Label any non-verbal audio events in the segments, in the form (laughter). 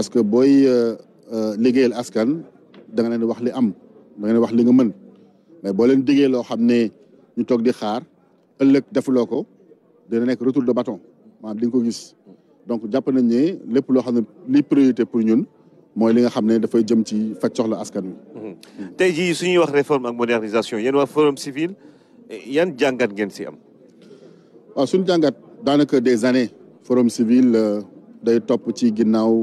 parce que booy euh, euh, liggéeyal askan da nga len wax li am da nga wax li nga mën mais bo len diggee lo xam ñu tok di xaar ëllëg defuloko ko dina nek retour de bâton maanaam di nga ko gis donc japp nañ ne lepp lo xam li priorité pour ñun moy li nga xam da fay jëm ci faj soxla askan wi. Mhm. tay ji suñu wax réforme ak modernisation yéen wa forum civil yan jàngat ngeen ci am. wa suñu jàngat daanaka des années forum civil euh, day top ci ginnaw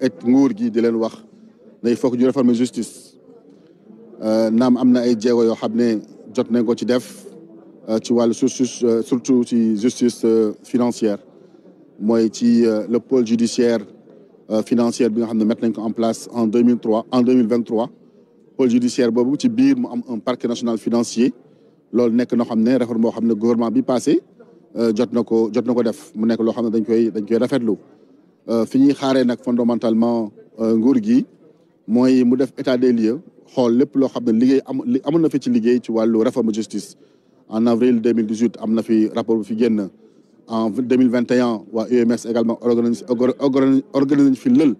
et nguur gi di leen wax ne il faut que ñu réformer justice euh, naam am na ay jéego yoo xam ne jot nañ ko ci def euh, ci wàllu sursus euh, surtout ci justice financière mooy ci le pôle judiciaire financier, bi nga xam ne mettre en place en 2003 en 2023 pôle judiciaire boobu ci biir mu am un parquet national financier loolu nekk noo xam ne réforme boo gouvernement bi passé jot na ko jot na ko def mu nekk loo xam ne dañ koy dañ koy rafetlu euh, Finir xaré nak fondamentalement euh, nguur gi mooy mu def état des lieux xol lepp lo xamné ligue liggéey na fi ci liggéey ci walu réforme justice en avril 2018 amna fi rapport fi génn en 2021 wa UMS également organise organise fi leul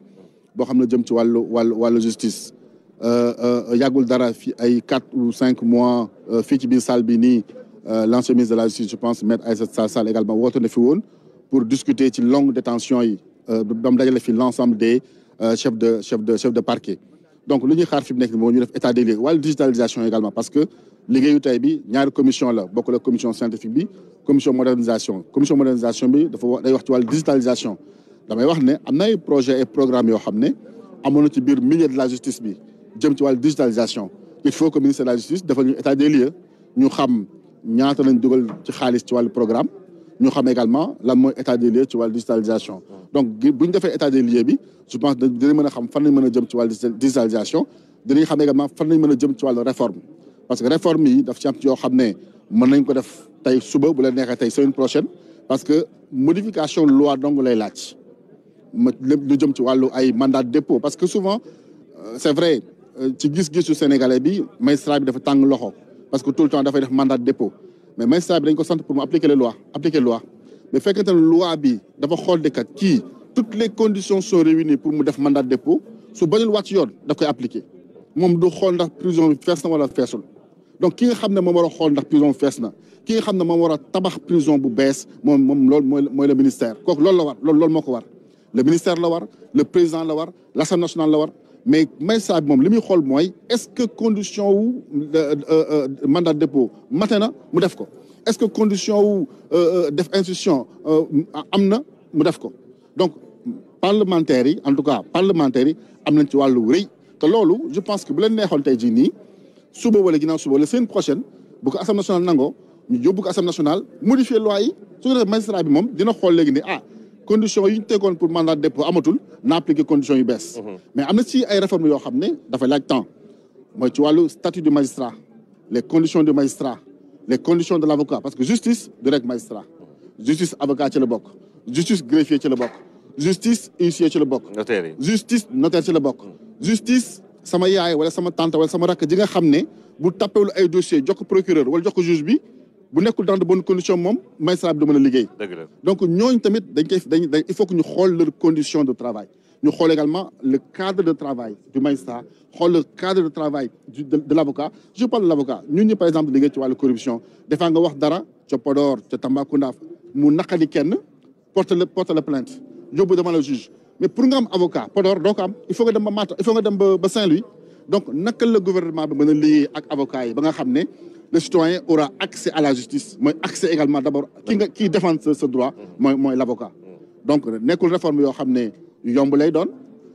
bo xamné jëm ci walu wàllu wàllu justice euh, yagul dara fi ay quatre ou 5 mois fi ci biir salle bi ni l'ancien ministre de la justice je pense maître Aïssata Tall également wotone fi won pour discuter ci longue détention yi dans euh, l'ensemble dajale fi des euh, chefs de chefs de chefs de parquet donc lu ñuy xaar fi mu nekk moo ñu def état des digitalisation également parce que liggéeyu tey bi la commission la bokk la commission scientifique bi commission modernisation commission modernisation il dafa wax la digitalisation damay wax ne am na projet et programme à xam ne amoon ci milieu de la justice bi jëm faire la digitalisation il faut que le ministère de la justice il ñu état des lieux ñu xam ñaata lañ dugal ci xaalis ci le programme nous xam également l'état des lieux ci la digitalisation donc bu ñu état des lieux je pense que nous a xam la digitalisation nous xam également fan la jëm ci réforme parce que réforme yi daf ci am xam ne mën ko def tey suba la semaine prochaine parce que modification loi la lay laaj Nous lu jëm ci le mandat de dépôt parce que souvent euh, c'est vrai euh, ci gis-gisu sénégalais bi magistrat bi dafa de loxo parce que tout le temps dafay def mandat de dépôt mais magistrat bi dañ ko sante pour mu appliquer les lois appliquer les lois mais fekkente ne loi bi dafa xol de kat ki toutes les conditions sont réunies pour mu def mandat de dépôt su bañul wàcc yoon daf koy appliquer mom du xol ndax prison fess na wala fessul donc ki nga xamne ne wara xol ndax prison fess na ki nga xamne ne wara tabax prison bu bees mom mom loolu moy le ministère kok loolu la war loolu loolu moko war le ministère la war le président la war l'Assemblée nationale la war mais mais ça est-ce que condition ou euh, euh, euh, mandat de dépôt est-ce que condition ou def institution donc parlementaire, en tout cas parlementaire ci te je pense que bu suba wala suba semaine prochaine bu ko assemblée nationale n'ango. ñu ko nationale modifier loi yi magistrat bi ah condition yi ñu pour mandat de dépôt amatul na conditions yu bess mhm. mais amna ci ay réformes yo xamné dafa laaj temps moy ci walu statut du magistrat les conditions du magistrat les conditions de l'avocat, parce que justice direct magistrat justice avocat ci le bok justice greffier ci le bok justice huissier ci le bok notaire justice notaire ci le bok justice sama yaay wala sama tante wala sama rak ji nga xamné bu tapewul ay dossier jox ko procureur wala jox ko juge bi bu nekkul dans de bonnes conditions moom magistrat bi du mën a liggéey donc ñooñu tamit dañ koy dañ il faut que ñu xool leurs conditions de travail ñu xool également le cadre de travail du magistrat xool le cadre de travail du de l' avocat je parle de l' avocat ñun ñi par exemple liggéey ci wàllu corruption defaa nga wax dara ca Podor ca Tambacounda mu naqadi kenn porte le porte la plainte yóbbu devant le juge mais pour nga am avocat Podor doo ko am il faut nga dem ba Matam il faut nga dem ba Saint-Louis donc naka la gouvernement bi mën a liggéey ak avocat yi ba nga xam ne le citoyen aura accès à la justice mais accès également d'abord, qui défend ce droit moi mooy l'avocat. donc nous réforme yoo xam ne yomb lay nous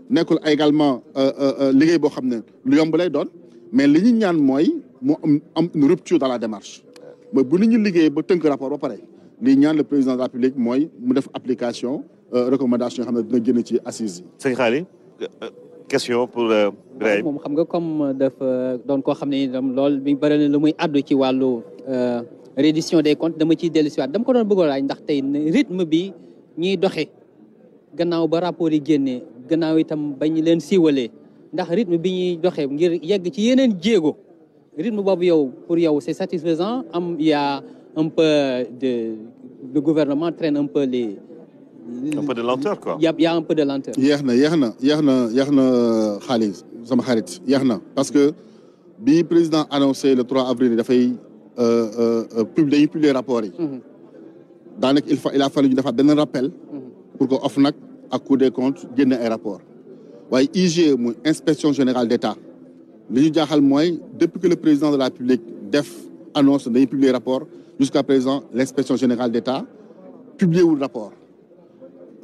nekkul également euh, euh, euh, liggéey réforme, ne lu yomb lay don mais li ñu ñaan une rupture dans la démarche Mais bu nit ñu liggéey ba rapport ba pareil. li le président de la République mooy mu def application recommandation yoo xam dina génn ci assise question pour euh, Brahim. comme euh, des comptes dama délu dama ko rythme bi gannaaw ba rapport yi gannaaw itam leen rythme bi ngir yegg ci rythme yow pour yow c'est a un peu de le gouvernement traîne un peu les un peu de lenteur quoi. Il y, a un peu de lenteur. parce que le président a annoncé le 3 avril qu'il a euh, euh, euh, publié publier rapport mhm. il a fallu faire un rappel. Mhm. pour que l'OFNAC, à Cour des comptes ait un rapport L'IG, IG e inspection générale d'État, depuis que le président de la République def annonce publié publier rapport jusqu'à présent l'inspection générale d'État, a publié le rapport.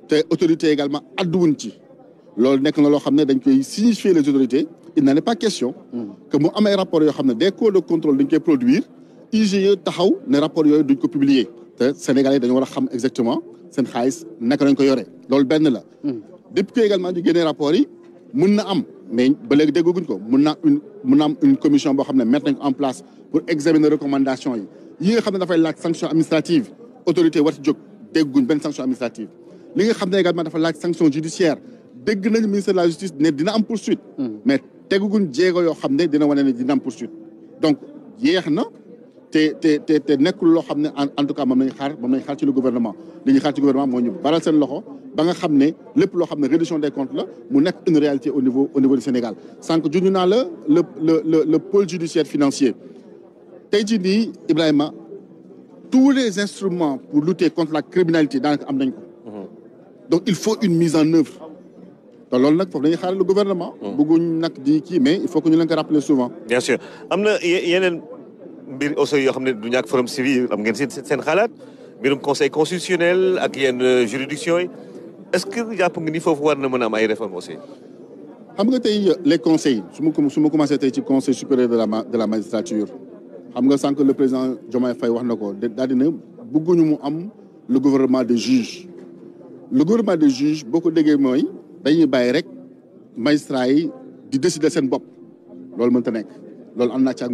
Autorité autorités également adduwuñ ci loolu nekk na lo xamne dañ koy signifier les autorités il n'en est pas question que mo am ay rapports yoo xam des codes de contrôle dañ koy produire IGE taxaw ne rapport yo duñ ko publier te Sénégalais dañu xam exactement sen xaalis naka lañ ko yoré lolou ben la depuis que également ñu génnee rapport yi mun na am mais ba léegi déggaguñ ko mun na une mun am une commission bo xamne ne mettre en place pour examiner recommandations yi yi nga xamne da fay laaj sanction administrative autorité war ci jóg dégguñ sanction administrative li nga xam ne également dafa laaj sanction judiciaire dégg nañ ministère de la justice ne dina am poursuite hmm. mais teguguñ jéego yoo xam ne dina wane ne dina am poursuite donc yeex na te te te te nekkul loo xam ne en tout cas moom lañu xaar moom lañu xaar ci le gouvernement li ñu xaar ci gouvernement moo ñu baral seen loxo ba nga xam ne lépp loo xam ne réduction des comptes la mu nekk une réalité au niveau au niveau du Sénégal sànq junj naa la le le le le pôle judiciaire financier tey jii nii Ibrahima tous les instruments pour lutter contre la criminalité daanaka am nañ ko donc il faut une mise en œuvre Dans l'ordre, il faut dañuy le gouvernement. Hmm. bëgguñ nak mais il faut que nous le rappelions souvent. bien sûr Il y a mbir aussi yoo du forum civil am ngeen xalaat conseil constitutionnel ak juridiction est-ce que faut voir ni war na am réformes aussi. xam nga les conseils Je ma su ma commencé ci conseil supérieur de la de la magistrature xam nga que le président Diomaye Faye a dit que dina am le gouvernement des juges le gouvernement de juge beaucoup de déggee mooy dañuy bàyyi rek magistrat yi di décider seen bopp loolu mënta nekk loolu am naa ci ak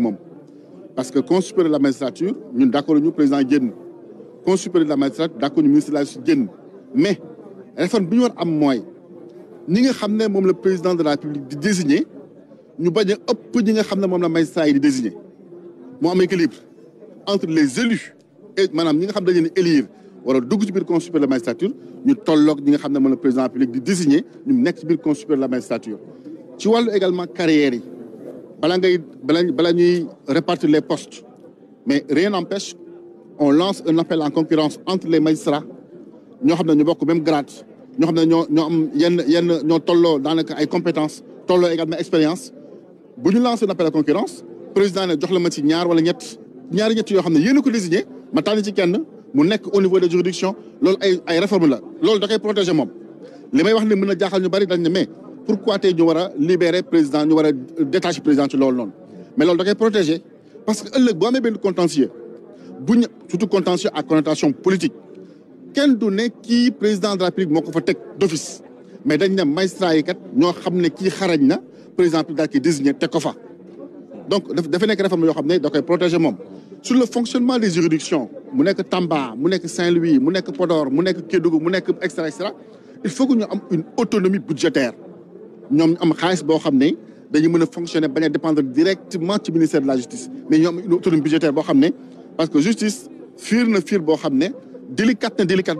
parce que consuper la magistrature ñun d'accord ñu président génn Consuper de la magistrature d'accord ñu ministre de la justice génn mais réforme bi ñu war am mooy ñi nga xam ne le président de la république di désigner ñu bañ a ëpp ñi nga que ne la magistrat yi di désigner moo am équilibre entre les élus et maanaam ñi nga xam dañu leen élire wala dugg ci biir conseil supérieur de la magistrature ñu tolloog ñi nga xam ne moom président de di désigner ñu nekk ci biir conseil supérieur de la magistrature. ci wàllu également carrière. yi balaa ngay balaa ñuy répartir les postes mais rien n'empêche on lance un appel en concurrence entre les magistrats ñoo xam ne ñu bokk même grade ñoo xam ne ñoo ñoo am yenn yenn ñoo tolloo daanaka ay compétences tolloo également expérience bu ñu lancer un appel à concurrence président ne jox la ma ci ñaar wala ñett ñaari ñett yoo xam ne yéen a ko désigné ma tànn ci kenn mu nekk au niveau de juridiction, loolu ay ay réforme la loolu da koy protéger moom li may wax ne mën a jaaxal ñu bari dañ ne mais pourquoi tey ñu war libérer président ñu war a détacher président ci loolu noonu mais loolu da koy protéger parce que ëllëg boo amee benn contentieux bu ñu surtout contentieux à connotation politique kenn du ne kii président de la République moo fa teg d'office mais dañ ne magistrat yi kat ñoo xam ne kii xarañ na président daal ki désigné teg ko fa donc dafa nekk réforme yoo xam ne da koy protéger moom sur le fonctionnement des juridictions mu nekk Tamba mu Saint-Louis mu nekk Podor mu nekk Kédougou mu nekk il faut que ñu am une autonomie budgétaire ñoom am ne dañu fonctionner bañ dépendre directement du ministère de la justice mais ñu a une autonomie budgétaire parce que justice fiir ne fiir boo ne délicate délicate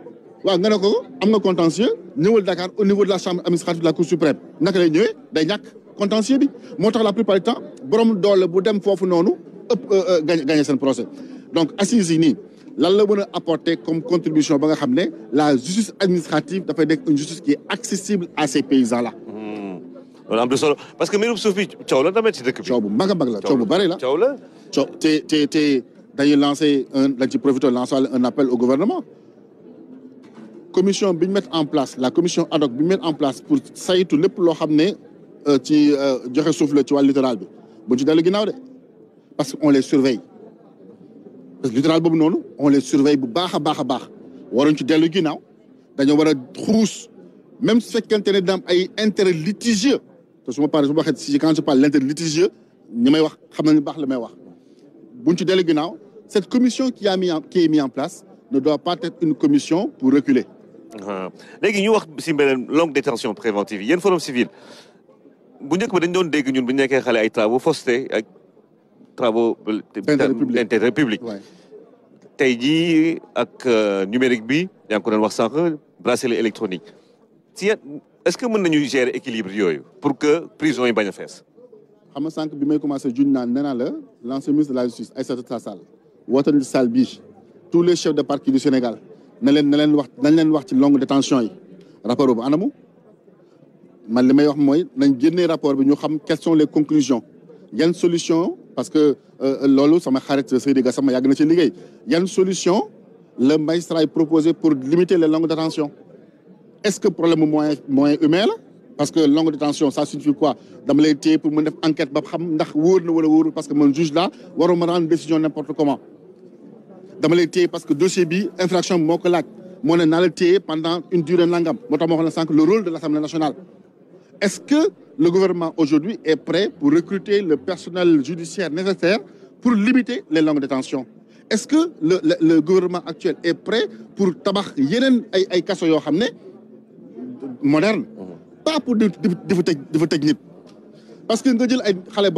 Nous avons contentieux au niveau de la chambre administrative de la cour suprême naka lay ñëwee contentieux bi la plupart du temps borom doole bu dem ce euh, euh, procès donc à yi lan apporter comme contribution ba la justice administrative doit être une justice qui est accessible à ces paysans là. Hmm. parce que mbirum suuf bi coow la ci dëkk bi. coow bu mag a un un appel au gouvernement commission bi met mettre en place la commission ad hoc bi mettre en place pour saytu lepp lo xamné euh, ci euh, joxe souffle ci wal littoral bi bu ci dellu ginnaaw de parce qu'on les surveille parce que littoral bobu noonu on les surveille bu baakha baakha baax a ci dellu ginnaaw dañoo wara a même si fekkente ne dina ay intérêt litigieux parce que ma paree su si quand je parle l'intérêt litigieux ñi may wax xam nañu baax la may wax buñ ci dellu ginnaaw cette commission qui a mis en qui est mis en place ne doit pas être une commission pour reculer Hein. léegi ñu wax si beneen longue détention préventive yi yéen forum civil bu njëkk ba dañ doon dégg ñun bu ñu nekkee ay travaux forcés ak travaux d'intérêt public tey avec ak euh, numérique bi yaa ngi ko doon wax bracelet électronique si est-ce que mën nañu gérer équilibre yooyu pour que prison yi bañ a fees xam nga sànq bi may commencé juñ naan nee la l'ancien ministre de la justice Aïssata Tall Sall woote na salle tous les chefs de parquet du Sénégal na leen wax nañ leen wax ci longue détention rapport boobu Je man meilleur moyen wax mooy rapport bi ñu xam quelles sont les conclusions Il y a une solution parce que euh, loolu sama xarit Seydi Gassama yàgg na ci a une solution le magistrat a proposé pour limiter les de tension est-ce que problème moyen moyen humain parce que longue détention ça signifie quoi d'amener lay pour mën def enquête ba xam ndax na wala parce que mon juge là me rendre décision n'importe comment parce que dossier bi infraction bi pendant une durée langam motam le rôle de l'Assemblée nationale est-ce que le gouvernement aujourd'hui est prêt pour recruter le personnel judiciaire nécessaire pour limiter les longues détentions est-ce que le gouvernement actuel est prêt pour tabac yenen ay ay moderne mmh. pas pour des techniques. parce que nga jël ay xalé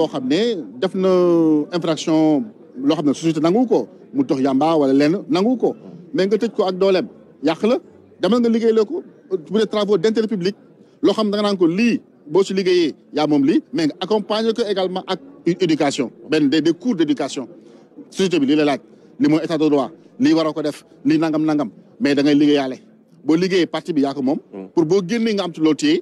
lo xam ne société nangu ko mu dox yamba wala len nangu ko mais nga tejj ko ak dolem yak la demal nga liggéeyloo ko pour des travaux d'intérêt public lo xam da nga naan ko lii boo si liggéeyee yaa moom lii mais nga accompagne ko également ak une éducation ben des des cours d'éducation société bi li la laaj li mo état de droit lii waroo ko def lii nangam nangam mais da ngay liggéeyaale bo liggéeyee parti bi yaa ko moom mm. pour bo génnee nga am ci lo téye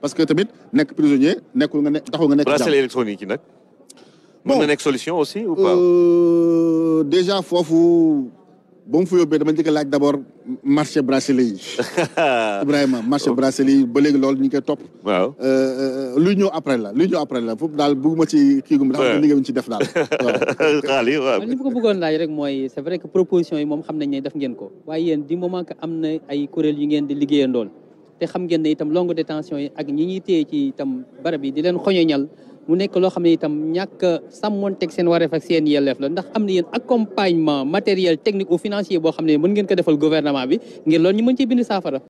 parce que tamit nek prisonnier nekkul nga nek taxul nga nek bracelet électronique nak nag. mën nek solution aussi ou pas. Euh, déjà fofu ba mu fa dama njëkk laaj d'abord marché bracelet (laughs) Ibrahima marché bracelet ba léegi loolu ñu ngi top topp. waaw euh, euh, luy ñëw après la luy ñëw après la foofu dal bëgguma ci ki gum. waaw ndax li ngeen ci def dal xali (laughs) wa waaw. li ma ko bëggoon laaj rek moy c'est vrai que proposition yi mom xam nañ ne def ngeen ko waye yeen di moment que am na ay courriel yu ngeen di liggéeyandol te xam ngeen ne itam longue détention tention ak ñi ñuy téye ci itam barab yi di leen xoñoñal mu nekk loo xam ne itam ñàkk sàmmoonteeg seen wareef ak seen yelleef la ndax am na yéen accompagnement matériel technique ou financier boo xam ne mën ngeen ko defal gouvernement bi ngir loolu ñu mën ci bind saafara